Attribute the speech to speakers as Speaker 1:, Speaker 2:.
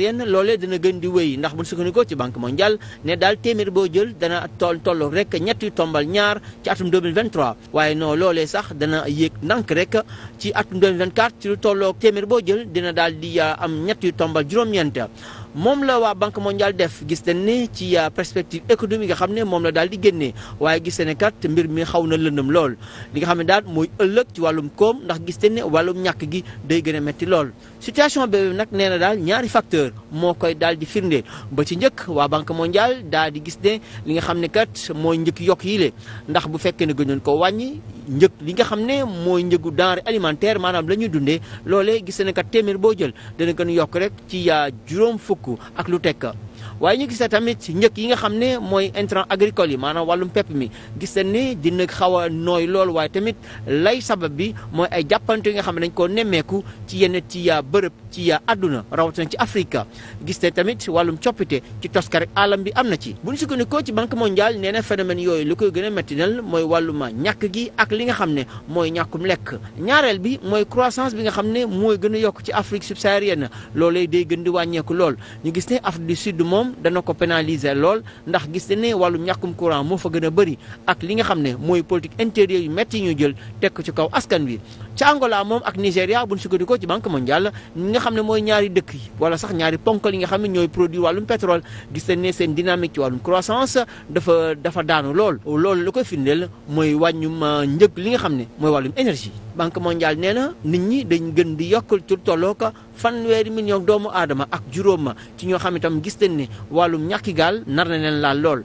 Speaker 1: yenn loole dana gën di wéy ndax buñ sukkanikoo ci banque mondiale ne daal téeméer boo jël dana toll tollu rek ñetti tombal ñaar ci atum 2023 waaye noo loolee sax dana yéeg nank rek ci atum 2024 ci lu tolloog téeméer boo jël dina daal di euh, am ñetti tombal juróom-ñeent moom la waa banque mondiale def gis nañ ne ci euh, perspective économique nga xam ne moom la daal di génne waaye gis nañ ne kat mbir mi xaw na lëndëm lool li nga xam ne daal mooy ëllëg ci wàllum koom ndax gis ne wàllum ñàkk gi day gën a métti lool. situation boobu nag nee na daal ñaari facteur moo koy daal di firnde ba ci njëkk waa banque mondiale daal di gis ne li nga xam ne kat mooy njëkk yokk yi le ndax bu fekkee ne gënoon ko wàññi. njëg li nga xam ne mooy njëgu denrée alimentaire maanaam la ñuy dundee loolee gis ne kat téeméer boo jël dana nu yokk rek ci yaa euh, juróom fukk sukkandiku ak lu tekk waaye ñu gisee tamit njëkk yi nga xam ne mooy intrant agricole yi maanaam wàllum pepp mi gis nañ ni dina xaw a nooy lool waaye tamit lay sabab bi mooy ay jàppante yi nga xam ne dañ koo nemmeeku ci yenn ci uh, bërëb ci uh, àdduna rawatina ci Afrique gis nañ tamit wàllum coppite ci toskar ak alam bi am na ci bu ñu sukkandikoo ci banque mondiale nee na yooyu li koy gën a métti nal mooy wàllum ñàkk gi ak li nga xam ne mooy ñàkkum lekk ñaareel bi mooy croissance bi nga xam ne mooy gën a yokk ci Afrique lool loolee day gën di wàññeeku lool ñu gis ne Afrique du Sud moom moom dana ko pénaliser lool ndax gis na ne wàllu ñàkkum courant moo fa gën a bëri ak li nga xam ne mooy politique intérieure yu métti ñu jël teg ko ci kaw askan wi. ca Angola moom ak Nigéria bu ñu sukkandikoo ci banque mondiale ñi nga xam ne mooy ñaari dëkk yi wala sax ñaari ponk yi nga xam ne ñooy produit wàllum pétrole gis nañ ne seen dynamique ci wàllum croissance dafa dafa daanu lool. lool la koy firndeel mooy wàññum euh, njëg li nga xam ne mooy wàllum énergie. banque mondiale nee na nit ñi dañ gën di yokk tur tolloo ko fanweeri million doomu aadama ak juróom ci ñoo xam itam gis lu ñàkki gaal nar na leen laal lool